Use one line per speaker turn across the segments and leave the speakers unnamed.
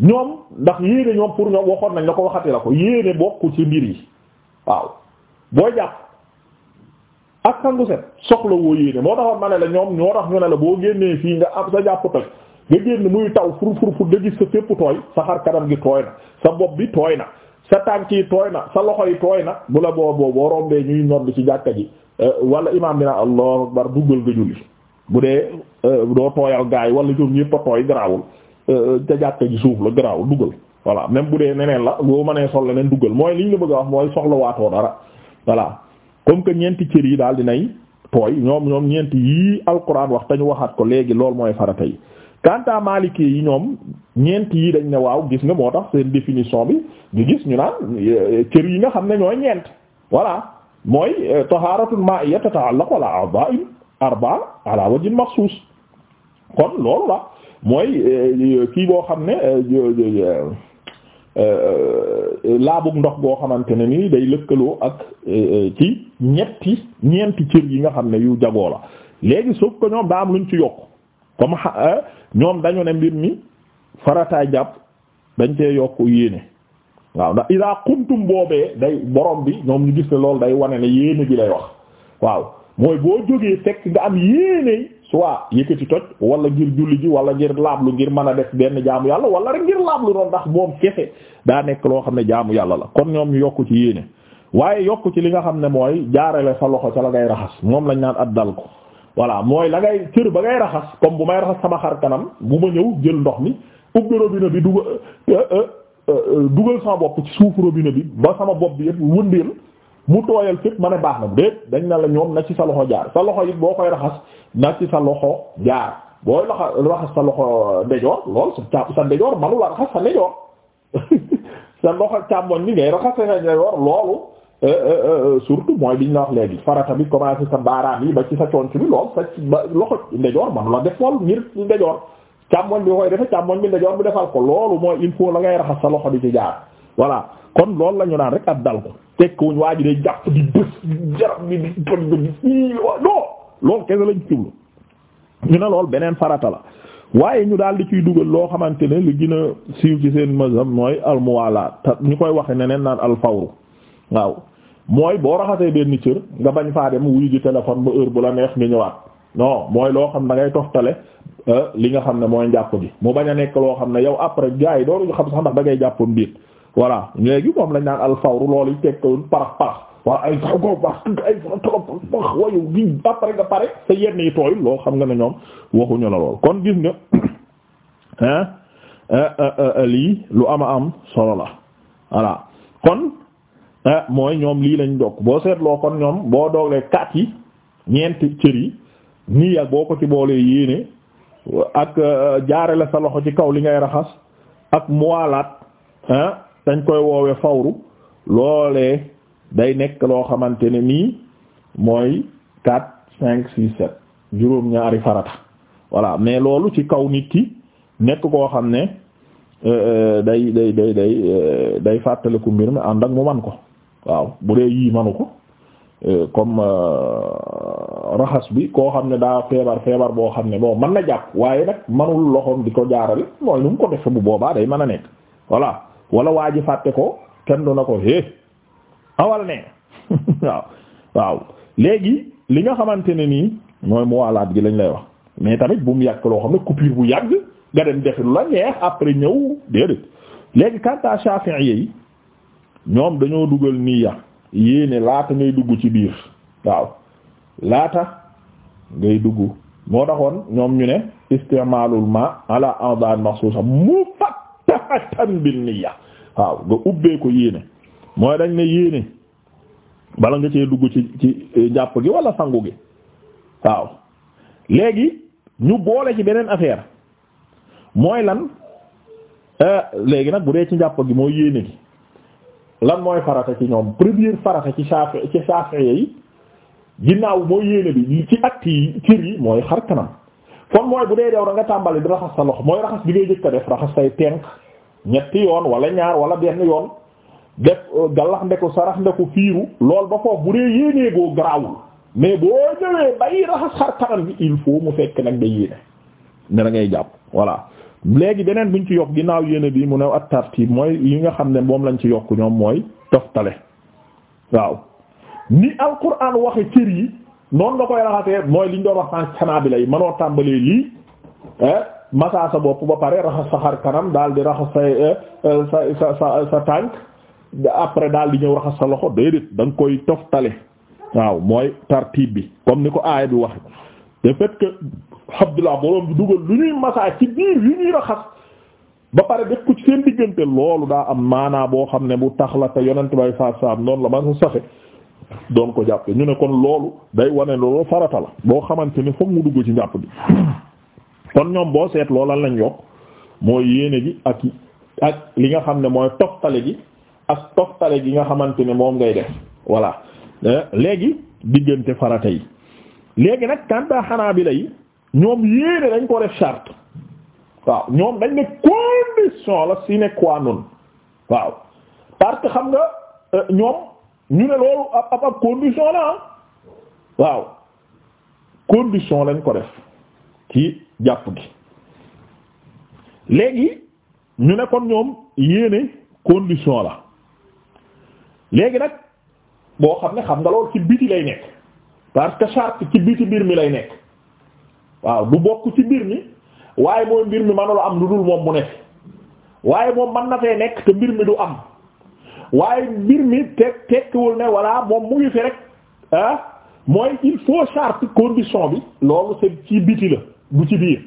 ñoom ndax yéene ñoom pour ñoom waxoon nañ la ko waxati la ko yéene bokku ci mbir yi waaw boo jàpp ak sangu set soxla woo yéene moo taxoon ma ne la ñoom ñoo tax ñu ne la boo génnee fii nga am sa jàpp toj nga génn muy taw fur fur fur nga gis sa fépp tooy sa xar kanam gi tooy na sa bopp bi tooy na sa tànk yi tooy na sa loxo yi tooy na bu la booboo boo rombee ñuy nodd ci jàkka ji euh, wala imaam bi na allahu akbar duggal nga julli bu dee euh, doo tooyal gaay wala ñoom ñëpp a tooy garaawul ca jàkka ji suuf la garaaw dugal voilà même bu dee neneen la boo mënee sol leneen dugal mooy liñ la bëgg a wax mooy soxla waatoo dara voilà comme que ñeenti cër yi daal dinay tooy ñoom ñoom ñeenti yii alquran wax te waxaat ko léegi loolu mooy farata yi kanta maliki yi ñoom ñeenti yi dañ ne waaw gis nga moo tax seen définition bi ñu gis ñu naan euh, cër yi nga xam ne ñooy ñeent voilà mooy euh, taharatul ma'iyya tata'allaqu ala a'dha'in arba'a ala wajhin maxsuus kon loolu la mooy euh, kii boo xam ne euh, euh, laabug ndox goo xamante ne ni day lëkkaloo ak ci ñetti ñeenti cër yi nga xam ne yu jagoo la léegi suuf ko ñoom daa am luñ ci yokk comme ñoom dañu ne mbir mi farataay jàpp dañ cee yokk yéene waaw ndax idaa kuntum boobee day borom bi ñoom ñu gis ne loolu day wane ne yéene bi lay wax waaw mooy boo jógee fekk nga am yéene soit yëkkati toj wala ngir julli ji wala ngir lu ngir mën a def benn jaamu yàlla wala rek ngir laablu noonu ndax moom kese daa nekk loo xam ne jaamu yàlla la kon ñoom ñu yokku ci yéene waaye yokku ci li nga xam ne mooy jaarale sa loxo ca la ngay raxas moom lañ naan at dal ko voilà mooy la ngay cër ba ngay raxas comme bu may raxas sama xar kanam bu ma ñëw jël ndox mi ubbi robinet bi dugal euh, euh, euh, dugal sama bopp ci suufu robinet bi ba sama bopp bi yëpp wëndeel mu tooyal fépp ma ne baax na déet dañ na la ñoom na ci sa loxo jaar sa loxo it boo koy raxas na ci sa loxo jaar booy loxo raxas sa loxo ndejoor lool sa sa ndejoor manu la raxas sa loxo càmmoñ bi ngay raxas sa ndejoor loolu euh, euh, euh, surtout mooy biñ la wax léegi farata bi commencé sa baaraam yi ba ci sa conc bi lool sa loxo ndejoor manu la def lool ngir ndejoor càmmoñ bi koy defe càmmoñ bi ndejoor bi defal ko loolu mooy il faut la ngay raxas sa loxo di ci jaar voilà kon loolu la ñu rek at dal ko tekkiwuñ waa ji day jàpp di bés jarab bi di toj bi di non loolu kese lañ ciwlu ñu ne lool beneen farata la waaye ñu daal di ciy dugal loo xamante ne li gën a siiw ci seen mazhab mooy almuwaala te ñu koy waxe ne neen naan alfawru waaw mooy boo raxasee benn cër nga bañ faa dem wuyu ji téléphone ba heure bu la neex nga ñëwaat non mooy loo xam da ngay toftale euh, li nga xam ne mooy njàpp bi mu bañ a nekk loo xam ne yow après gars yi dooruñu xam sax ndax da ngay jàppoon biir voilà léegi moom lañ naan alfawru loolu tegtawul parax parax waaw ay sax ko gi nga pare sa yenn yi tooyul loolu xam nga ne ñoom waxuñu la lool kon gis nga hein euh, euh, euh, lii lu ama am solo la voilà kon mooy ñoom lii lañ dokk boo seetloo kon ñoom boo dooglee kat yi ñeenti cër yi nii ak boo ko ci boolee yéene ak jaare la sa loxo ci kaw li ngay raxas ak muwaalaat hein dañ koy woowe fawru loolee day nekk loo xamante ne nii mooy quatre cinq six sept juróom-ñaari farata voilà mais loolu ci kaw nit ki nekk koo xam ne euh, euh, day day day day euh, day fàttaliku mbir mi ànd ak mu man ko waaw bu dee yii manu ko comme raxas bi koo xam ne daa feebar feebar boo xam ne bon mën na jàpp waaye nag manul loxoom di ko jaarale mooy nu mu ko defe bu boobaa day mën a nekk voilà wala waa ji fàtte ko kenn du na ko hé awal ne waaw waaw léegi li nga xamante ne nii mooy mu waalaat gi lañ lay wax mais tamit bu mu yàgg loo xam ne coupure bu yàgg nga dem defi lu la neex après ñëw déedéet léegi kanta Shafi'i yi ñoom dañoo dugal niyya yéene laata ngay dugg ci biir waaw laata ngay dugg moo taxoon ñoom ñu ne istimaalul ma ala a'dan maxsuusa mufattahatan bin niyya waaw nga ubbee ko yéene mooy dañ ne yéene bala nga cee dugg ci ci eh, jàpp gi wala sangu gi waaw léegi ñu boole ci beneen affaire mooy lan eh, léegi nag bu dee ci njàpp gi mooy yéene gi lan mooy farata ci ñoom première farata ci saafi ci saafi yi ginnaaw mooy yéene bi ci actes yi cër yi mooy xar kanam kon mooy bu dee dew da nga tàmbali di raxas sa loxo mooy raxas bi ngay jëkk def raxas say tenk ñetti yoon wala ñaar wala benn yoon def euh, galax ndeku sarax ndeku fiiru lool ba foofu bu dee yéenee goo garaawul mais boo ñëwee bay raxas xar kanam bi il faut mu fekk nag da yéene ne da ngay jàpp voilà léegi beneen buñ ci yokk ginnaaw yéene bi mu ne at tartib mooy yi nga xam ne moom lañ ci yokk ñoom mooy toftale waaw ni alquran waxe cër yi noonu nga koy raxasee mooy liñ doon wax sànq xanaa bi lay mënoo tàmbalee lii masaa sa bopp ba pare raxas sa xar kanam daal di raxas eh, eh, sa sa sa sa tànk après daal di ñëw raxas sa loxo déedéet da nga koy toftale waaw mooy tartiib bi comme ni ko aaya bi wax de fait que Abdullah borom bi dugal lu ñuy masaa ci biir yu ñuy raxas ba pare def ko seen diggante loolu daa am maanaa boo xam ne bu tax la te yonent bay saa saa noonu la man sa saxe doon ko jàppe ñu ne kon loolu day wane loolu farata la boo xamante ni fokk mu dugg ci njàpp bi kon ñoom boo seet loola lañ yokk mooy yéene gi ak ak li nga xam ne mooy toftale gi ak toftale gi nga xamante ne moom ngay def voilà eh, léegi diggante farata yi léegi nag kanta xanaa bi lay ñoom yéene dañ ko def charte waaw ñoom dañ ne condition la sine qua non waaw parce xam nga eh, ñoom ñu ne loolu ab ab condition la ah waaw condition lañ ko def ci jàpp gi léegi ñu nekkoon ñoom yéene condition la léegi nag boo xam ne xam nga lool ci biti lay nekk parce que charte ci biti mbir mi lay nekk waaw du bokk ci mbir mi waaye mooy mbir mi manula am lu dul moom mu nekk waaye moom man na fee nekk te mbir mi du am waaye mbir mi te tekkiwul ne voilà moom mu ngi fi rek ah mooy il faut charte condition bi loolu c'est ci biti la bu ci biir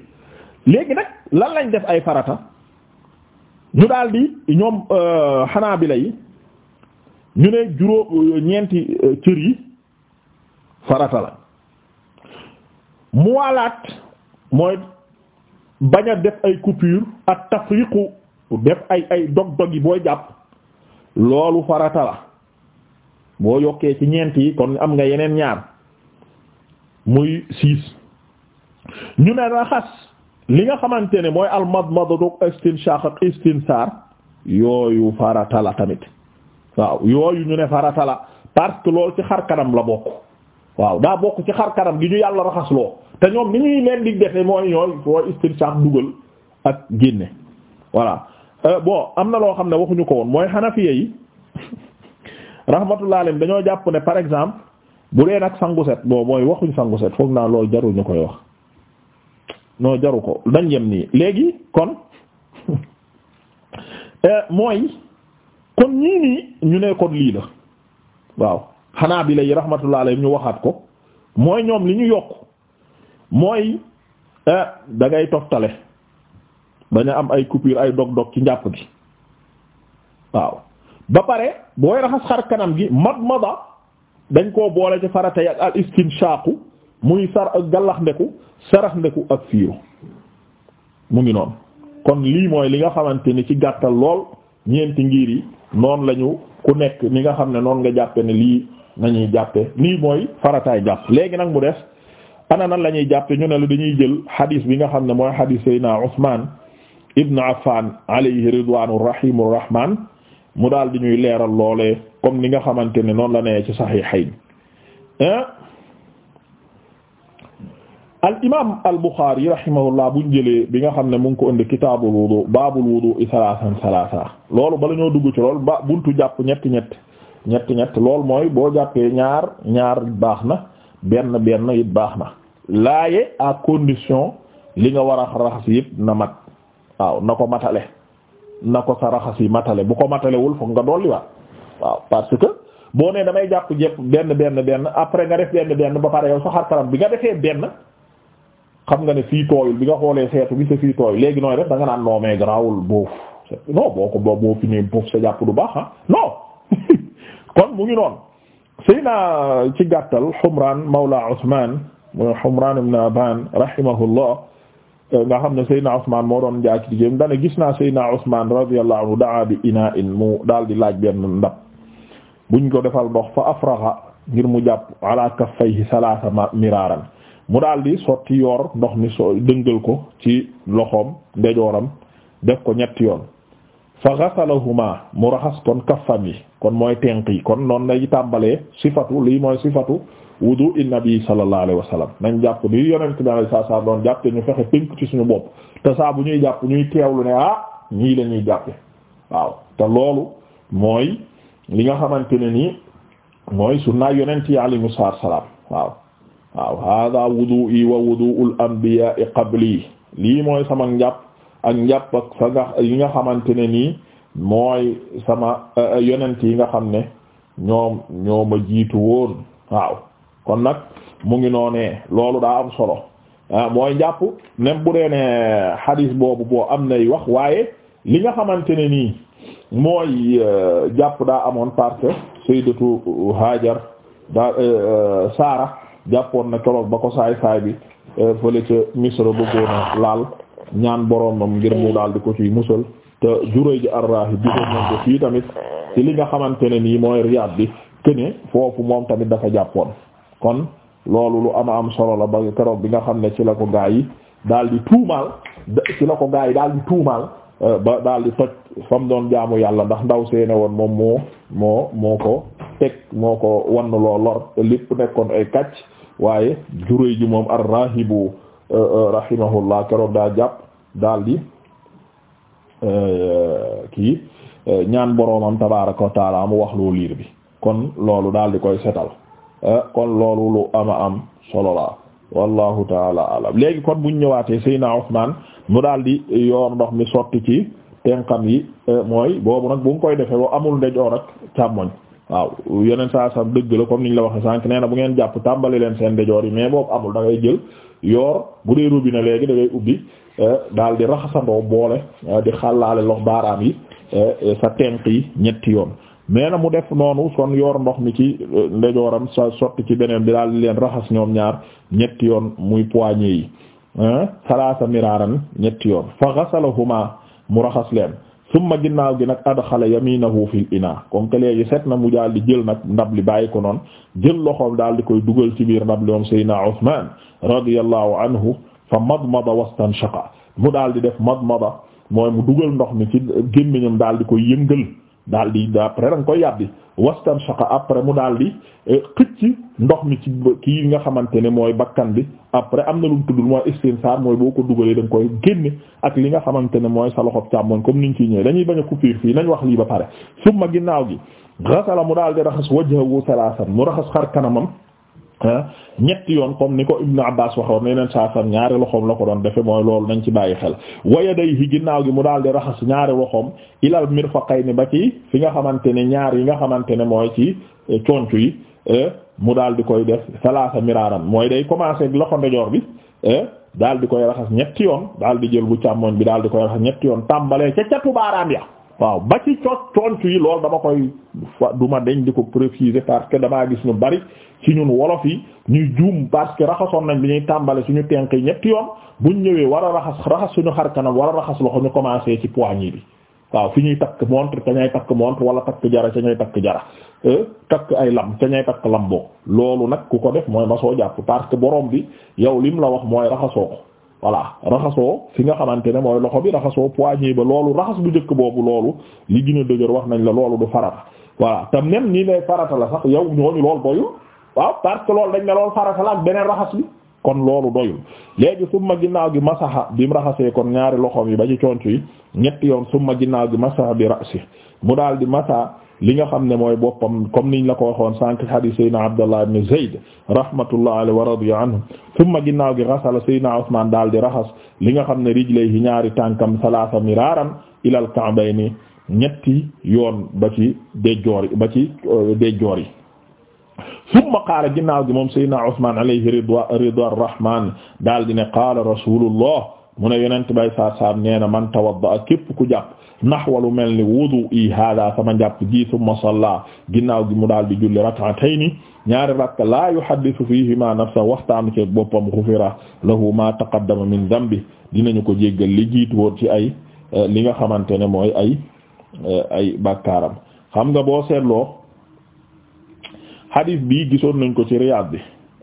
léegi nag lan lañ def ay farata ñu daldi ñoom xanaabila euh, yi ñu ne juróom euh, ñeenti euh, cër yi farata la mu muwaalaat mooy bañ a def ay coupure ak tafriqu def ay ay dog-dog yi booy jàpp loolu farata la boo yokkee ci ñeent yi kon am nga yeneen ñaar muy siis ñu ne raxas li nga xamante ne mooy almadmadatu istinshaq ak istinsaar yooyu farata la tamit waaw yooyu ñu ne farata la parce que loolu ci xar la bokk waaw daa bokk ci xar kanam gi ñu yàlla raxasloo te ñoom ni ñuy leen di defe mooy ñooy mooy istinshaq dugal ak génne voilà euh, bon am na loo xam ne waxuñu ko woon mooy xanafiya yi rahmatullah alayhim dañoo jàpp ne par exemple bu dee nag sangu set bon mooy waxuñ sangu set foog naa lool jarul ñu koy wax non jaru ko dañ yem nii léegi kon eh, mooy kon ñii nii ñu ne ko lii la waaw xanaa bi lay rahmatullah alayhi ñu waxaat ko mooy ñoom li ñu yokk mooy eh, da ngay toftale bañ a am ay coupure ay dog-dog ci njàpp gi waaw ba pare booy raxas xar kanam gi madmada dañ koo boole ci farata yi ak al istinshaqu muy sar ak gallax ndeku sarax ak fiiru mu ngi noon kon lii mooy li nga xamante ni ci gàttal lool ñeenti ngiir yi noonu lañu ku nekk ni nga xam ne noonu nga jàppe ne lii nañuy jàppe lii mooy farataay jàpp léegi nag mu des ana nan la ñuy jàppe ñu ne la dañuy jël xadis bi nga xam ne mooy xadis sayna Usmaan ibn Affaan alayhi ridwaanu rahimu rahmaan mu daal di ñuy leeral loolee comme ni nga xamante ne noonu la nee ci saxiixayn eh? al imaam al Buxaari rahimahullah buñ jëlee bi nga xam ne mu ngi ko indi kitaabul wudu baabul wudu salaasan salaasa loolu bala ñoo dugg ci loolu ba buntu jàpp ñetti ñett ñetti ñett loolu mooy boo jàppee ñaar ñaar baax na benn benn it baax na laaye à condition li nga war a raxas yëpp na mat waaw na ko matale na ko sa raxas yi matale bu ko matale wul foog nga dolliwaat waaw parce que boo nee damay jàpp jëpp benn benn benn après nga def benn benn ba pare yow sa xar bi nga defee benn. xam nga ne fii tooyul bi nga xoolee seetu bi sa fii tooy léegi nooy def da nga naan noomee garaawul boof non boo ko boo boof sa jàpp du baax ah kon mu ngi noonu sëy ci gàttal Humran mawla Usman mooy Humran ibn Aban rahimahullah eh, nga xam ne Seydina Ousmane moo doon jaay ci diggéem dane gis naa Seydina Ousmane radiyallahu daa bi ina mu daal di laaj benn ndab buñ ko defal ndox fa afraxa ngir mu jàpp ala kaffayhi salaasa miraaran mu daal di sotti yor ndox mi so dëngal ko ci loxoom ndejooram def ko ñetti yoon fa ghasalahuma mu raxas kon kaffam yi kon mooy tenq yi kon noonu lay tàmbalee sifatu lii mooy sifatu wudu in nabi sallallahu alayhi wa sallam nañ jàpp ni yonent bi alayhi doon jàpp ñu fexe tënk ci suñu bopp te saa bu ñuy jàpp ñuy teewlu ne ah ñii la ñuy jàppe waaw te loolu mooy li nga xamante ne nii mooy naa yonent yi alayhi salaam waaw waaw hada wudu'i wa wudu'ul anbiya'i qabli lii mooy sama njàpp ak njàpp ak nga yi nga xamante ne nii mooy sama eh, eh, yonent yi nga xam ne ñoom ñoo jiitu woon waaw kon nag mu ngi noonee loolu daa am solo ah, mooy njàpp même bu dee ne hadis boobu boo am nay wax waaye li nga xamante ne nii mooy eh, jàpp daa amoon parce que sayyidatu Hajar Saara jàppoon na keroog ba ko saay saay bi euh, fële ca misra bëggoon laal ñaan boromam ngir mu daal di ko ciy musal te juróoy ji arraahi gisoon nañ ko fii tamit ci li nga xamante ne nii mooy Riyad bi këne foofu moom tamit dafa jàppoon kon loolu lu ama am solo la ba keroog bi nga xam ne ci la ko gaa yi daal di tuumaal ci la ko gaa yi daal di tuumaal euh, ba daal di toj fam doon jaamu yàlla ndax ndaw seene woon moom moo moo moo ko teg moo ko wann loo lor lépp nekkoon ay kàcc waaye Juray ji moom ar-rahibu euh, euh, rahimahullah keroog daa jàpp daal di euh, kii ñaan boroomam tabaaraka wa mu wax loo liir bi kon loolu daal di koy setal kon loolu lu ama am solo wallahu taala alam léegi kon buñ ñëwaatee Seyna Usmaan mu daal di yoor ndox mi sotti ci tenqam yi mooy boobu nag bu ngi koy defee boo amul ndejoor ak càmmoñ waaw yeneen saa sam dëgg la comme niñ la waxee sànq nee na bu ngeen jàpp tàmbali leen seen dejoor yi mais boobu amul da jël yoor bu dee robinet léegi da ngay ubbi euh, daal di raxasandoo boole euh, di xàllaale lox baaraam yi euh, sa tenq yi ñetti yoon nee na mu def noonu son yoor ndox mi ci ndejooram sa sotti ci beneen bi daal di leen raxas ñoom ñaar ñetti yoon muy poignée yi salaasa miraaran ñetti yoon fa xasalahuma mu raxas leen summa ginnaaw gi nag adxala yaminahu fil ina comme que léegi set na mu daal di jël nag ndab li bàyyi ko noonu jël loxoom daal di koy dugal ci biir ndab li moom Seydina Usmaan radiyallahu anhu fa madmada wastanshaqa mu daal di def madmada mooy mu dugal ndox mi ci gémmiñam daal di koy yëngal daal di après da nga koy yàbbi wastan shaqa après mu daal di eh, ci ndox mi ci kii nga xamante ne mooy bakkan bi après am na lu mu tuddul mooy istinsaar mooy boo ko dugalee da koy génne ak li nga xamante ne mooy sa loxob càmmoñ comme niñ ciy ñëwee dañuy bañ a coupure fii nañ wax lii ba pare summa ginnaaw gi ghasala mu daal di raxas wajhahu salasan mu raxas xar kanamam ñetti yoon comme ni ko Ibnu Abbaas waxoon na yeneen saa sam ñaari loxoom la ko doon defe mooy loolu nañ ci bàyyi xel waya day yi ginnaaw gi mu daal di raxas ñaari loxoom ilal mirfaqayni ba ci fi nga xamante ne ñaar yi nga xamante ne mooy ci eh, conc yi eh, mu daal di koy def salaasa miraaran mooy day commencer loxo ndejoor bi eh, daal di koy raxas ñetti yoon daal di jël bu càmmoñ bi daal di koy raxas ñetti yoon tàmbalee ca catu baaraam ya waaw ba ci coot tontu yi loolu dama koy du ma deñ di ko préciser parce que damaa gis ñu bari ci ñun wolof yi ñuy juum parce que raxasoon nañ bi ñuy tàmbale suñu tenk yi ñetti yoon bu ñu ñëwee war a raxas raxas suñu xar kanam war a raxas loxo ñu commencé ci poignée bi waaw fi ñuy takk montre ca ñay takk montre wala takk jara ca ñay takk jara euh, takk ay lam ca ñay takk lam boo loolu nag ku ko def mooy ma soo jàpp parce que borom bi yow lim la wax mooy raxasoo voilà raxasoo fi nga xamante ne mooy loxo bi raxasoo poignée ba loolu raxas bu dëkk boobu loolu li gën a dëgër wax nañ la loolu du farata waaw tam même nii ne farata la sax yow ñooñu loolu doyul waaw parce que loolu dañ ne loolu farata la ak beneen raxas bi kon loolu doyul léegi summa ginnaaw gi masaxa bi mu raxasee kon ñaari loxoom yi ba ci conc yi ñetti yoon summa ginnaaw gi masaxa bi rasi mu daal di masa li nga xam ne mooy boppam comme niñ la ko waxoon sànq hadith saydna abdallah ibn zayd rahmatullah alayhi wa ginnaaw gi daal di raxas li nga xam ne rijlayhi ñaari tànkam salaasa miraaran ilal ka'bayni ñetti yoon ba ci déjjoor ba ci euh, déjjoor yi ginnaaw gi moom saydna usman alayhi ridwa ridwa rahman daal di ne qaala rasulullah mu ne yonent bay saar saar nee man tawadda képp ku jàpp naxwalu mel ni wudu i hada sama njàpp ji summa salla ginnaaw gi mu daal di julli rak'atayni ñaari rakka la yuhaddithu fihima nafsa waxtaan ci boppam xufira lahu ma taqaddama min dambi dinañu ko jéggal li jiitu woon ci ay eh, li nga xamante ne mooy ay eh, ay bàkkaaram xam nga boo seetloo hadith bi gisoon nañ ko ci Riyad bi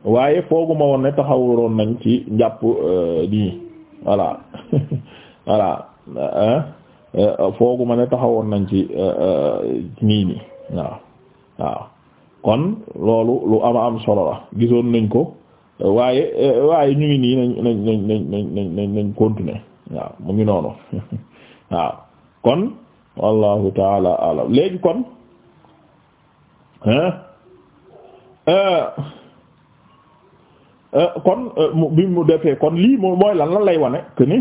waaye fooguma woon ne taxawuloon nañ ci njàpp eh, nii voilà voilà Euh, fooguma ne taxawoon nañ ci euh, euh, nii nii waaw waaw kon loolu lu am am solo la gisoon nañ ko waaye waaye ñu ngi nii nañ nañ nañ nañ nañ nañ waaw mu ngi noonu waaw kon wallahu taala alam léegi kon kon bi mu defee kon lii mooy lan lan lay wane que ni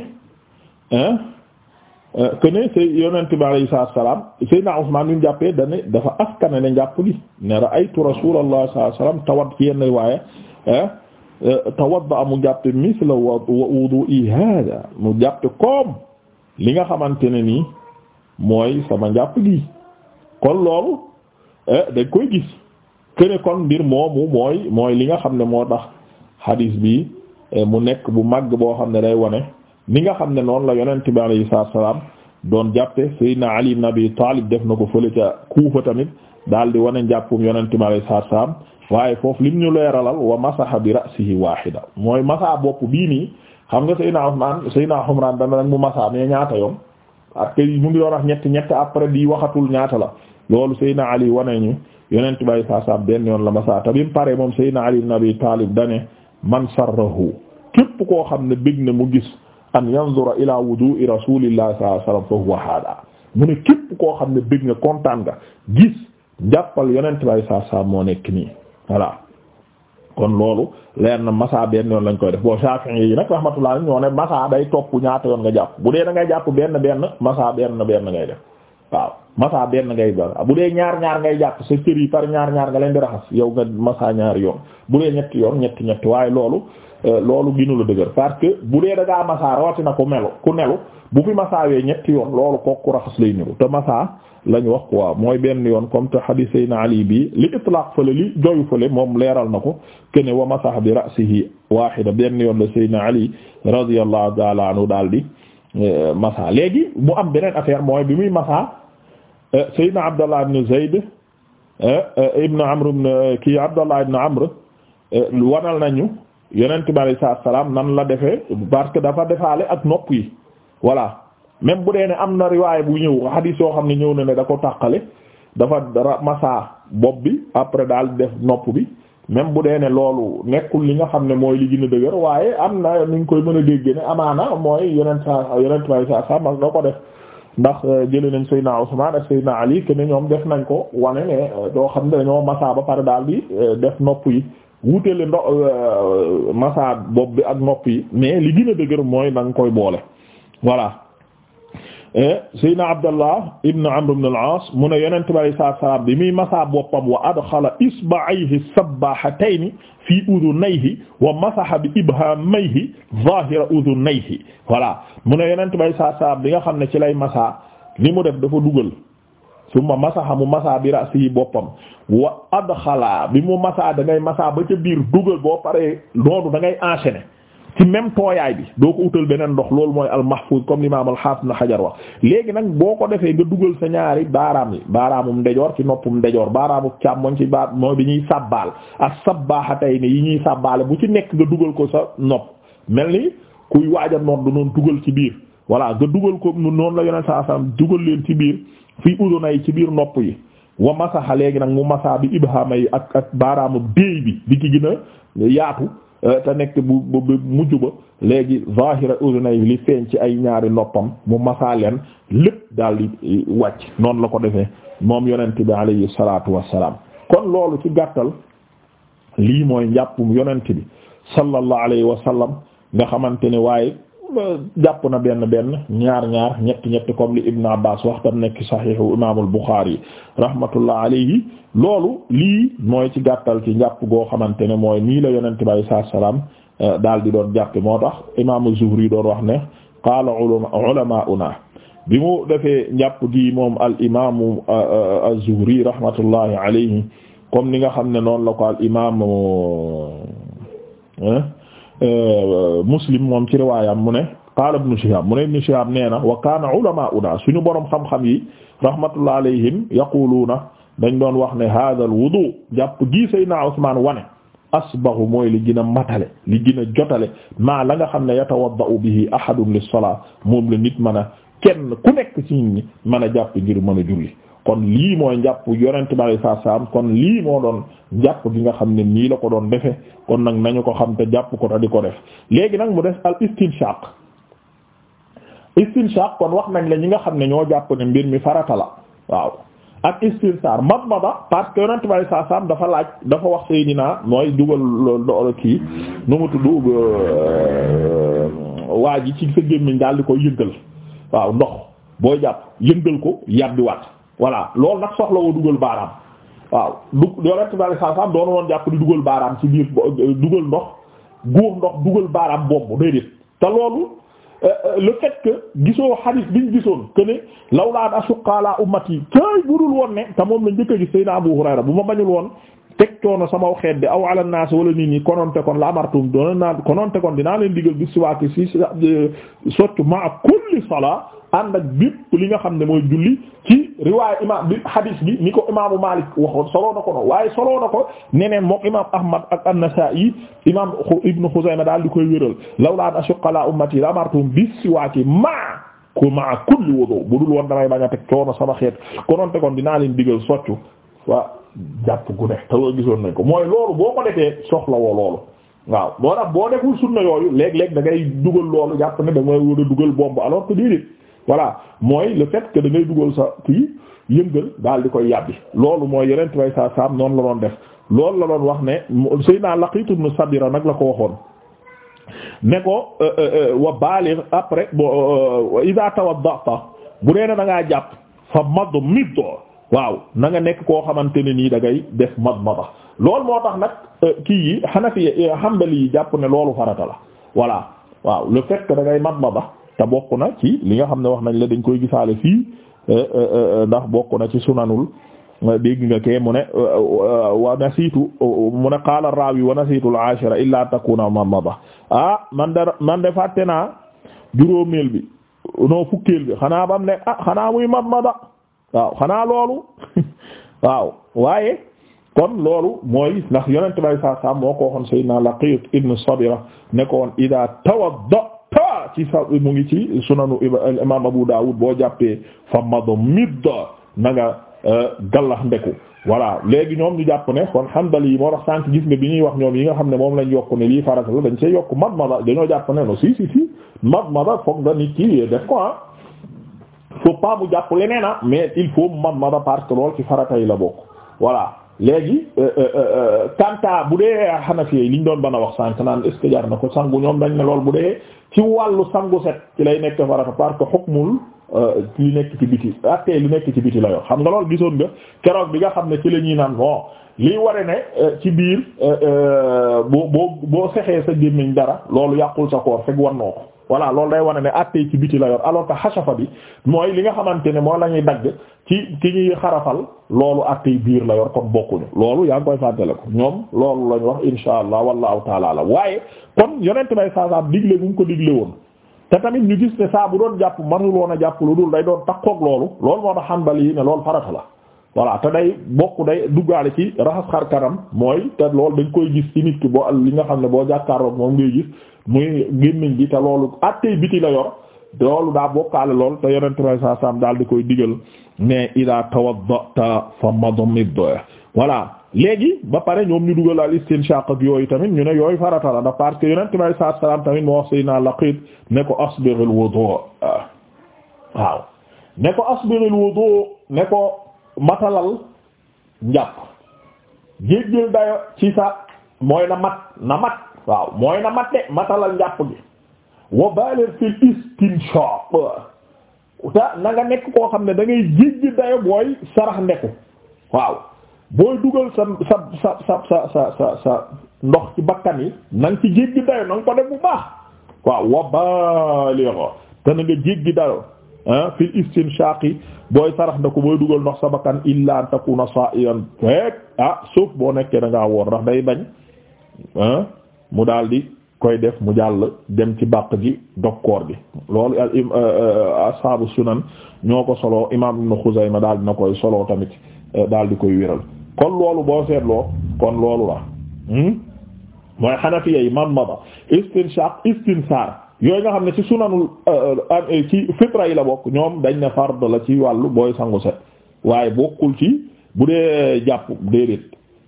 Euh, que ne say ma bi salaam Seydina Usmaan ñu jàppee dañ ne dafa askane ne njàpp li ne ra'aytu Rasuulallahi sallallahu alayhi tawad ci yenn waaye eh, eh, tawadda amu jàppe misla wudu'i hada mu jàppe comme li nga xamante ne nii mooy sama njàpp gi kon loolu eh, dañ koy gis kene kon mbir moomu mooy mooy li nga xam ne moo tax hadis bi mu nekk bu màgg boo xam ne day wane ni nga xam ne noonu la yonent bi alayhi salaatu wa salaam doon jàppe Seydina Ali ibn Abi Talib def na ko fële ca Kuufa tamit daal di wane njàppum yonent bi alayhi salaatu wa salaam waaye foofu lim ñu leeralal wa masaha bi ra'sihi waahida mooy masaa bopp bii nii xam nga Seydina Usmaan Seydina Umraan dana nag mu masaa mais ñaata yoon après mu ngi doon wax ñetti ñett après di waxatul ñaata la loolu Seydina Ali wane ñu yonent bi alayhi salaatu wa salaam benn yoon la masaa tabim pare moom Seydina Ali ibn Abi Talib dane man sarrahu koo xam ne bëgg na mu gis am yanzura ila wudu'i rasulillahi sallallahu alayhi wasallam fa huwa hada mu ne képp koo xam ne bëgg nga kontaan nga gis jàppal yonent bay saa saa moo nekk nii voilà kon loolu leen na masa benn yoon lañ koy def boo Shafi'i yi nag rahmatullah ñoo ne masa day topp ñaata yoon nga jàpp bu dee da ngay jàpp benn benn masa benn benn ngay def waaw masaa benn ngay ba bu dee ñaar ñaar ngay jàpp sa cër yi par ñaar ñaar nga leen di raxas yow nga masa ñaari yoon bu dee ñetti yoon ñetti ñetti waaye loolu Euh, loolu ginu la dëgër parce que bu dee da ngaa masaa rawatina ku melu ku nelu bu fi masaawee ñetti yoon loolu kooku raxas lay niru te masaa lañ wax quoi mooy benn yoon comme te xadis sayna ali bi li itlaaq fële li joyu fële moom leeral na ko kene wa masaa bi ra'sihi waahida benn yoon la sayna ali radiyallahu taala anhu daal di euh, masaa léegi mu am beneen affaire mooy bi muy masaa euh, sayna abdallah ibn zayd ibn amr ibn kii abdallah ibn amr wanal nañu yonent bi alayhi salaatu salaam nan la defee parce que dafa defaale ak nopp yi voilà même bu dee ne am na riwaay bu ñëw xadiis yoo xam ne ñëw na ne da ko tàqale dafa masaa bopp bi après daal def nopp bi même bu dee ne loolu nekkul li nga xam ne mooy li gën a dëgër waaye am na ni nga koy mën a dégg ne amaana mooy yonent saa yonent bi alayhi salaatu salaam mas da ko def ndax jëlee nañ Seydina Usmaan ak Seydina Ali que ne ñoom def nañ ko wane ne doo xam ne dañoo masaa ba pare daal di def nopp yi wutele ndo euh, massa bopp bi ak nopp yi mais li gën a dëgër mooy da nga koy boole voilà eh, Seydina Abdallah ibn Amr ibn al-As mu ne yonent bi alayhi salaatu salaam bi muy massa boppam wa adxala isba'ayhi sabbahatayn fi udunayhi wa masaha bi ibhamayhi zahira udunayhi voilà mu ne yonent bi alayhi salaatu salaam bi nga xam ne ci lay massa li mu def dafa dugal summa masaha mu masaa bi ra'si boppam wa adxala bi mu masaa da ngay masaa ba ca biir dugal boo paree noonu da ngay enchaîner ci même tooyaay bi doo ko utal beneen ndox loolu mooy almahfuz comme l'imam al-hafiz na xajar wax léegi nag boo ko defee nga dugal sa ñaari baaraam yi baaraamum ndejoor ci noppum ndejoor baaraamu càmmoñ ci baar mooy bi ñuy sàbbaal ak sabbaxatayni yi ñuy sàbbaale bu ci nekk nga dugal ko sa nopp mel ni kuy waaja noon du noon dugal ci biir voilà nga dugal ko noonu la yoneen saa saam leen ci biir fii udunay ci biir nopp yi wa masaxa léegi nag mu masaa bi ibhama yi ak ak baaraamu déey bi di ki gën yaatu eh, te nekk bu bu mujj ba léegi zahira udunay li feeñ ci ay ñaari noppam mu masaa leen lépp daal di eh, wàcc noonu la ko defee moom yonent bi alayhi salaatu wassalaam kon loolu ci gàttal lii mooy njàppum yonent bi sallallahu alayhi wa nga xamante ni waaye jàpp na benn benn ñaar ñaar ñetti ñetti comme li Ibn Abbas waxtam nekk saxiixu imaamul Buxaari rahmatullah alayhi loolu lii mooy ci gàttal ci njàpp goo xamante ne mooy nii la yonente bi saa euh, daal di doon jàpp moo tax imaamu Zuhri doon wax ne qaala ulamaa'una bi mu defee njàpp gi moom al imaamu az-Zuhri euh, euh, rahmatullahi alayhi comme ni nga xam ne noonu la ko al imaamu Euh, muslim moom ci riwaayam mu ne qaala ibn Shihab mu ne ibn Shihab nee na wa kaana ulamaa'una suñu borom xam-xam yi rahmatullah alayhim yaquluuna dañ doon wax ne hadha al wudu jàpp gii Seydina Usmaan wane asbahu mooy li gën a matale li gën a jotale maa la nga xam ne yatawadda'u bihi ahadun lis-salaa moom la nit mën a kenn ku nekk ci nit ñi mën a jàpp ngir mën a julli kon lii mooy njàpp yonent bari saa saam kon lii moo doon njàpp gi nga xam ne nii la ko doon defe kon nag nañu ko xam te jàpp ko te di ko def léegi nag mu def al istinshaq istinshaq kon wax nañ la ñi nga xam ne ñoo jàpp ne mbir mi farata la waaw ak istinsaar madmada parce que yonent bari saa saam dafa laaj dafa wax naa mooy dugal loolu kii nu mu tudd euh, waa ji ci sa gémmiñ daal di koy yëngal waaw ndox booy jàpp yëngal ko yàbbiwaat voilà loolu nag soxla woo dugal baaraam waaw du yolent bi alei saa salaam doonu woon jàpp di dugal baaraam ci biir euh, dugal ndox góor ndox dugal baaraam bomb déedéet te loolu euh, euh, le fait que gisoo xadiis biñ gisoon que ne lawla an asuqa ala ummati kay budul woon ne te moom la njëkk a gis sayna Abu Hurayra bu ma bañul woon teg coono sama xeet bi aw ala naas wala nit ñi kononte kon la amartum doona naa kononte kon dinaa leen digal bi siwaaki si socc ma kulli salaa ànd ak bépp li nga xam ne mooy julli ci riwaaya imam bi hadis bi ni ko imaamu Maalik waxoon soloo na ko no waaye soloo na ko neneen moom imam Ahmad ak An-Nasaa'i imam Ibnu Xuzayma daal di koy wéral lawlaa an ashqa ala ummati la amartum bis-siwaaki maa ku ma kulli wudu bu dul woon damay bañ a teg coono sama xeet konoonte kon dinaa leen digal soccu waaw jàpp gu ne te loolu gisoon nañ ko mooy loolu boo ko defee soxla woo loolu waaw boo tax boo deful sunna yooyu léeg-léeg da ngay dugal loolu jàpp ne da dugal bomb alors voilà mooy le fait que da ngay dugal sa kii yëngal daal di koy yàbbi loolu mooy yeneen way sa saam noonu la doon def loolu la doon wax ne Seydina Laqit ibn Sabira nag la ko waxoon ne ko euh, euh, euh, wa baligh après a bo iza tawaddata bu dee da ngaa jàpp fa mad mid waaw na nga nekk koo xamante ne nii da ngay def madmada loolu moo tax nag kii yi xana Hanbali yi jàpp ne loolu farata la voilà waaw le fait que da ngay ba te bokk na ci li nga xam ne wax nañ la dañ koy gisaale fii eh, eh, eh, ndax bokk na ci sunanul dégg nga kee mu ne wa nasiitu mu ne qaala raawi wa nasiitu al-aashira illaa takuna ma ba ah man de man de fàtte naa juróomeel bi noo fukkeel bi xanaa am ne ah xanaa muy mab maba waaw xanaa loolu waaw waaye kon loolu mooy ndax yonent bay saa moo ko waxoon sayyidina Laqiit ibn Sabira ne ko tawadda ci sa mu ngi ci sunanu imam Abu Dawud boo jàppee fa mado midda na nga euh, gallax ndeku voilà léegi ñoom ñu jàpp ne kon Hanbali yi moo tax sànq gis nga bi ñuy wax ñoom yi nga xam ne moom lañ yokk ne lii farata la dañ see yokk mad mada dañoo jàpp ne no si si si mad mada foog nga nit ki def ko ah faut pas mu jàpp leneen ah, mais il faut mad mada parce que lool ci farata yi la bokk voilà léegi euh, euh, euh, kanta bu dee Hanafi yi liñ doon ban a wax sànq naan est na ko sangu ñoom dañ ne lool bu dee ci wàllu sangu set ci lay nekk farata parce que xukmul li nekk ci biti attee lu nekk ci biti la yoo xam nga lool gisoon nga keroog bi nga xam ne ci la ñuy naan bon li ware ne ci biir boo boo boo sexee sa gémmiñ dara loolu yàqul sa koor fekk wannoo ko voilà loolu day wane ne attey ci biti la yor alors que xasafa bi mooy li nga xamante ne moo la ñuy dagg ci ki ñuy xarafal loolu attey biir la yor kon bokkuñu loolu yaa ngi koy fàttale ko ñoom loolu lañ wax insha allah wallahu taala la waaye kon yonent may saasaam digle bu mu ko digle woon te tamit ñu gis ne saa bu doon jàpp manul woon a jàpp lu day doon takkoog loolu loolu moo tax Hanbali yi ne la voilà te day bokk day duggaale ci raxas xar kanam mooy te loolu dañ koy gis ci nit ki boo li nga xam ne boo jàkkaarloog moom ngay gis muy gémmiñ gi te loolu attey biti la yor loolu daa bokkaale lool te yonent may saa saam daal di koy digal ne ida tawaddata fa madmid voilà léegi ba pare ñoom ñu dugal al istinshaq yooyu tamit ñu ne yooyu farata la ndax parce que yonent may saa saam tamit moo wax Seydina Laqit ne ko asbiril wudu waaw ne ko asbiril wudu ne ko matalal njàpp jéggil dayo ci sa mooy na mat na mat waaw mooy na mat de matalal njàpp gi wa fil istinshaq ta na nekk koo xam ne da ngay jéggi dayo booy sarax nekku waaw booy dugal sa sa sa sa sa ndox ci bakkan yi na nga ci jéggi dayo na nga ko def bu baax waaw wa balir te na nga dayo ah, fil istinshaq booy sarax na booy dugal ndox sa bakkan illa na takuna sa'iyan fekk ah suuf boo nekkee da ngaa woor day bañ ah mu daal di koy def mu jàll dem ci bàq gi dog koor gi loolu al euh, euh, ashaabu sunan ñoo ko solo imaam ibn Xuzayma daal di na koy solo tamit euh, daal di koy wéral kon loolu boo seetloo kon loolu la hmm? mooy xanafiya yi man maba istinshaq istinsaar yooyu nga xam ne ci sunanul ci fitra yi la bokk ñoom dañ ne fard la ci wàllu booy sangu set waaye bokkul ci bu dee jàpp déedéet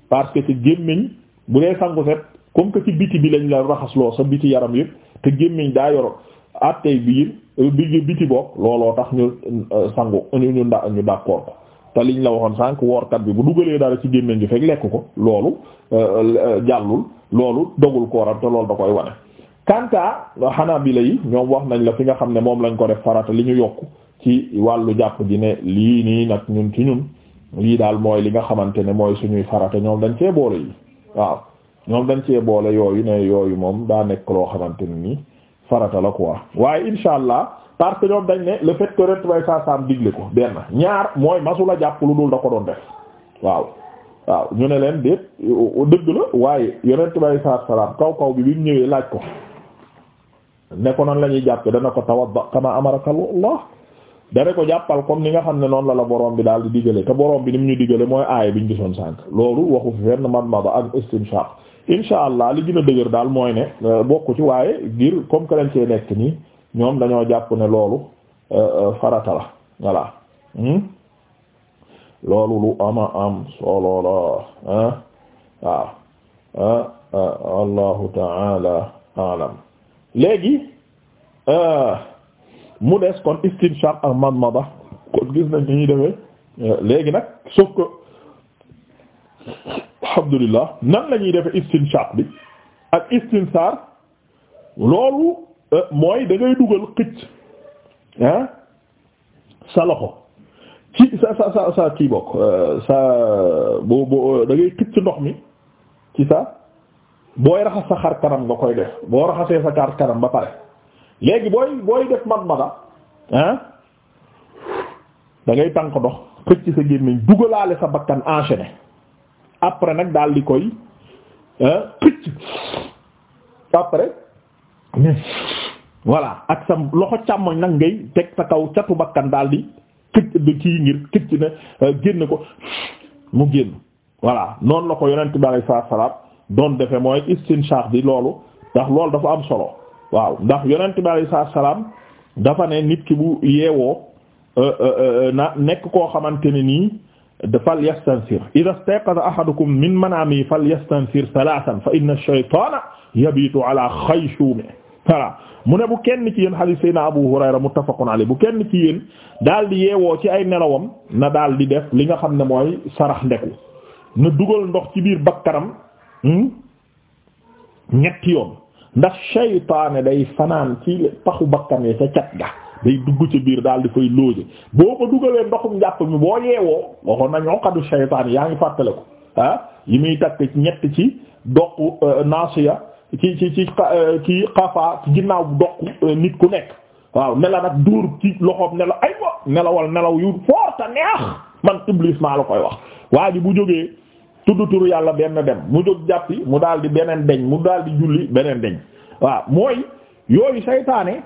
parce que ci gémmiñ bu dee sangu set comme que ci biti bi lañ la raxasloo sa biti yaram yëpp te gémmiñ daa yoro attey biir bi biti bopp looloo tax ñu euh, sangu ñu ñu nda ñu d'accord ko te liñ la waxoon sànq woorkat bi bu dugalee dara ci gémmiñ bi fekk lekk ko loolu euh, euh, jàllul loolu dogul kooram te loolu da koy wane kanta xanaa bi la yi ñoom wax nañ la fi nga xam ne moom lañ ko def farata li ñu yokk ci wàllu jàpp ji ne lii nii nag ñun ci ñun lii daal mooy li nga xamante ne mooy suñuy farata ñoom dañ cee boole waaw ñoom dañ cee boole yooyu ne yooyu moom daa nekk loo xamante ne nii farata la ko quoi waaye insha allah parce que ñoom dañ ne le fait que ret bay sa sam digle ko benn ñaar mooy masula jàpp lu dul da ko doon def waaw waaw ñu ne leen déet dëgg la waaye yonent bi alayhi salaatu salaam kaw kaw bi bi ñëwee laaj ko ne ko nan la ñuy jàppe dana ko tawadda kama amaraka Allah dana ko jàppal comme ni nga xam ne noon la la borom bi daal di digale te borom bi ni mu ñu digale moo aaya bi ñu gisoon sànk loolu waxu man mada ak istinshaq insha allah li gën a dëgër daal mooy ne euh, bokku ci waaye ngir comme que dañ nekk nii ñoom dañoo jàpp ne loolu euh, euh, farata la voilà hmm? loolu lu ama am solo la waaw allahu taala alam léegi mu des kon istinshaq ak madmada kon gis nañ ni defee léegi nag sauf alhamdulilah nan la ñuy defee istinshaq bi ak istinsaar loolu euh, mooy dangay ngay dugal xëcc ah sa loxo ci sa sa sa sa kii bokk euh, sa boo boo euh, xëcc ndox mi ci sa booy raxas sa xar kanam nga koy def boo raxasee sa xar kanam ba pare léegi booy booy def madmada ah da ngay tànk ndox xëcc sa gémmiñ dugalaale sa bakkan enchaîné. après nag daal di koy picc après ak sa loxo càmmoñ nag ngay teg sa kaw catu bakkan daal di këcc di kii ngir këcc na euh, génn ko mu génn voilà noonu la ko yonent bi salaam doon defe mooy istinshaq bi loolu ndax loolu dafa am solo waaw ndax yonent bi salaam dafa ne nit ki bu yeewoo euh, euh, na nekk koo xamante ne nii falyastansir ida stayqada ahadukum min manaamihi falyastansir salaasan fa inna ash-shaytaana yabiitu mu ne bu kenn ci yéen hadiis Seydina Abu Hurayra muttafaqun alayhi bu kenn ci yéen daal di yeewoo ci ay nelawam na daal di def li nga xam ne mooy sarax ndeku na dugal ndox ci biir bakkaram hmm, ñetti yoon ndax seytaane fanaan ci paxu bakkan yi ca day dugg ci biir daal di fay looje boo ko dugalee ndoxum njàpp mi boo yeewoo waxoon nañ oqadu shaytaan yaa ngi fàttale ko ah yi muy takk ñett ci doq euh, naasiya ci ci ci ci euh, xafa ci ginnaaw bu doq euh, nit ku nekk waaw ne la nag dóor ci loxoom ne ay wa nelawal nelaw yu forta neex man iblis maa la koy wax waa ji bu jógee tudd turu yàlla benn dem mu jóg jàppi mu daal di beneen deñ mu daal di julli beneen deñ waaw mooy yooyu saytaane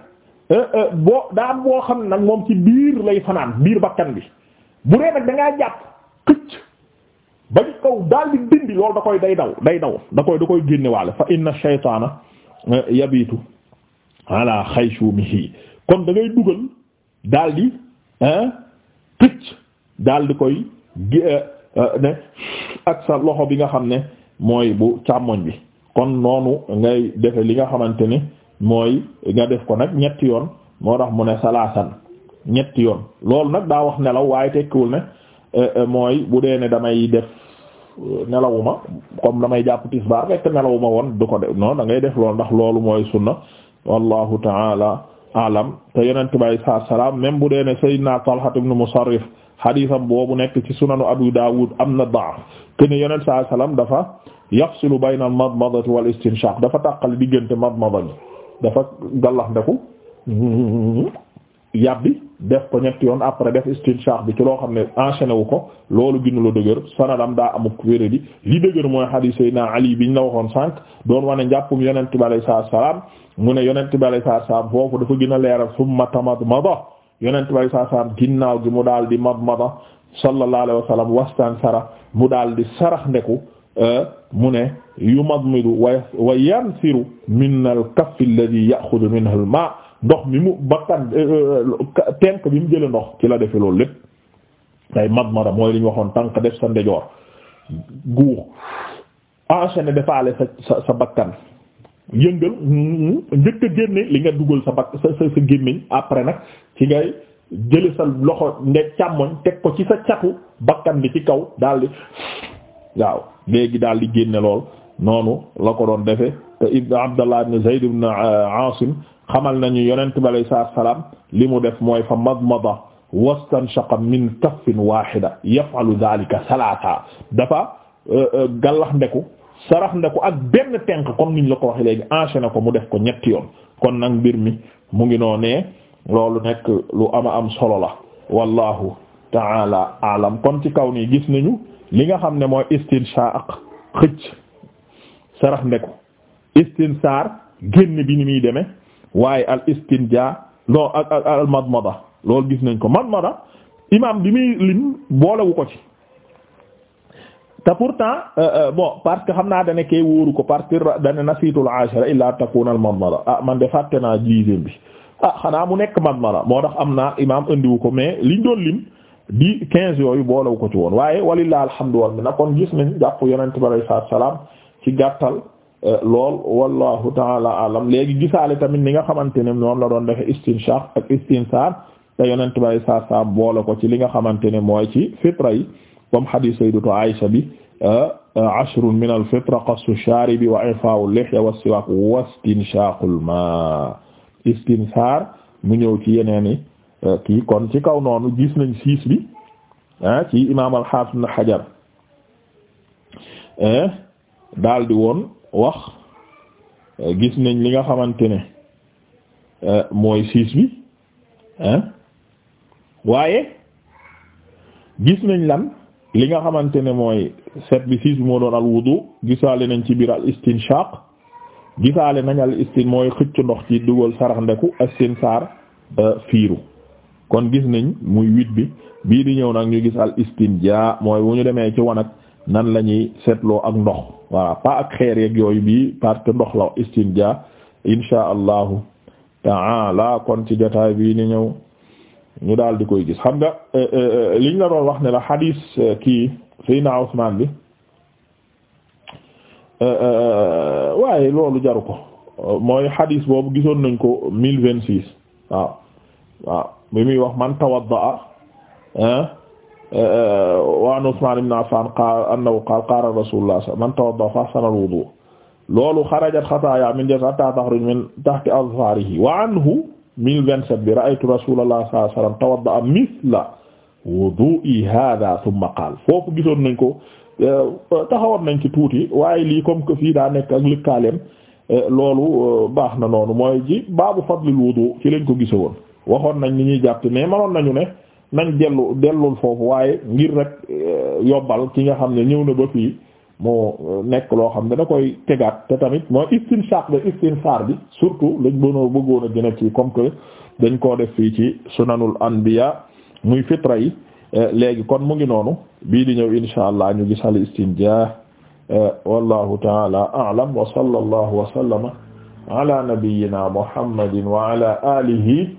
Euh, euh, boo daa am boo xam ne nag moom ci biir lay fanaan biir bakkan bi bu dee nag da jàpp këcc ba ñu kaw daal di dindi loolu da koy day daw day daw da koy da koy génne waale fa inna shaytaana euh, yabitu ala xayshumihi kon dangay ngay dugal dal di këcc daal di koy ne ak sa loxo bi nga xam ne mooy bu càmmoñ bi kon noonu ngay defe li nga xamante ne mooy nga def ko nag ñetti yoon moo tax mu ne salaasan ñetti yoon loolu nag daa wax nelaw waaye tekkiwul ne eh, eh, mooy bu dee ne damay def eh, nelawuma comme damay jàpp tisbaar fekk nelawuma woon du ko def noon da ngay def loolu ndax loolu mooy sunna wallahu taala alam te yonent bi salaam même bu dee ne sayyidina Talha ibn Musarrif xadiisam boobu nekk ci sunanu Abu Dawud am na da'f ken yonent salaam dafa yafsilu bayna al-madmadati wal istinshaq dafa tàqal diggante madmada dafa gallax ndeku yàbbi def ko ñetti yoon après def istinshaq bi ci loo xam ne enchaîné wu ko loolu gënu la dëgër sanadam daa amuk wéré di li dëgër mooy hadis Seydina Ali biñ la waxoon sànq doon wane njàppum yonent bi alayhi salaatu salaam mu ne yonent bi alayhi salaatu salaam foofu dafa gën a leeral summa tamadmada yonent bi alayhi salaatu salaam ginnaaw gi mu daal di madmada sallallahu alayhi wa sallam wastansara mu daal di sarax ndeku Euh, mu ne yu yumadmidu wa yansiru min al kaff alladhi ya'khudhu minhu al ma ndox mi mu bakkan euh, euh, tenk bi mu jële ndox ci la defe loolu lépp day madmara mooy li ñu waxoon tànk def sa ndejoor guux enchaîné defaale sa sa sa bakkan yëngal njëkk génne li nga dugal sa bakk sa sa gémmiñ après nag ci ngay jële sa loxo nde càmmoñ teg ko ci sa catu bakkan bi ci kaw daldi waaw léegi daal di génne lool noonu la ko doon defe te ibn Abdallah ibn Zayd ibn euh, Asim xamal nañu yonent bi alayhi salaam li mu def mooy fa madmada wastanshaqa min kaffin wahida yaf'alu dhalika salata dafa euh, euh, gàllax ndeku sarax ndeku ak benn tenq comme niñ la ko waxee léegi enchaîné ko mu def ko ñetti yoon kon nag mbir mi mu ngi noonee loolu nekk lu ama am solo la wallahu ta'ala alam kon ci kaw nii gis nañu li nga xam ne mooy istinshaq xëcc sarax ndeku istinsaar génn bi ni muy deme waaye al istinja non ak ak al madmada gis nañ ko madmada imaam bi muy lim boolewu ko ci te pourtant euh, euh, bon parce que xam naa dane kay wóoru ko parce que dane nasiitul ashara illa takuna al madmada ah man de fàtte naa dixième bi ah xanaa mu nekk madmada moo tax am naa imaam indiwu ko mais liñ doon lim di quinze yooyu boolewu ko ci woon waaye walilah alhamdu wal minna kon gis nañ jàpp yonent bi salaam ci gàttal eh, lool wallahu taala alam léegi gisaale tamit ni nga xamante ne moom la doon defe istinshaq ak istinsaar te yonent bi salaam boole ko ci li nga xamante ni mooy ci fitra yi comme hadith sayyidatu Aisha bi eh, ashrun min al fitra qassu sharibi wa ifaa'u lihya wa siwaak wa istinshaqul ma istinsaar mu ñëw ci yeneeni Euh, kon ci kaw noonu gis nañ siis bi ah ci imaam al-Hafiz Ibn Hajar eh, woon wax eh, gis nañ li nga xamante ne eh, mooy siis bi waaye gis nañ lan li nga xamante ne mooy set bi siis bi moo doon al wudu gisaale nañ ci biir al istinshaq gisaale nañ al istin mooy xëcc ndox ci dugal sarax ndeku ak seen saar fiiru kon gis nañ muy huit bi bii di ñëw nag ñu gis al istinja mooy bu ñu demee ci wanag nan la ñuy seetloo ak ndox voilà pas ak xeer yooyu bii parce que ndox la istinja insha allahu taala kon ci jataay bii di ñëw ñu daal di koy gis xam nga eh, eh, eh, liñ la doon wax ne la hadis kii Seydina Usmaan bi waaye loolu jaru ko mooy hadis boobu gisoon nañ ko mille vingt six waaw waaw bi muy wax man tawaddaa ah, eh, wa an Usman ibn Affan qaala annahu qaala qaala rasulullah man tawaddaa fa ahsana al-wudu loolu xarajat xataaya min jasad hatta taxruj min tahti azfarihi wa anhu 1027 bi ra'aytu rasulullah sallallahu alayhi wasallam tawaddaa mithla wudu'i hadha thumma qaala foofu gisoon nañ ko eh, taxawoon nañ ci tuuti waaye lii comme que fii daa nekk ak lëkkaaleem eh, loolu baax na noonu mooy ji baabu fadlil wudu ci lañ ko gisoon waxoon nañ ni ñuy jàpp mais manoon nañu ne nañ dellu dellul foofu waaye ngir rek euh, yobbal ki nga xam ne ñëw na ba fii moo euh, nekk loo xam ne da koy tegaat te tamit mooy istinshaq ba istinsaar bi surtout lañ bënoo bëggoon a gën a comme que dañ koo def fii ci sunanul anbiya muy fitra yi euh, léegi kon mu ngi noonu bii di ñëw insha allah ñu gis al istinjaa wallahu taala a'lam wa sallallahu wa sallama ala nabiyyina muhammadin wa alihi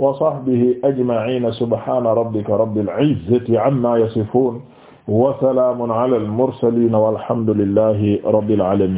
wa sahbihi ajma'iina subhaana rabbika rabbil izzati ammaa yasifuun wa salaamun alal mursaliin walhamdu lillaahi rabbil aalamiin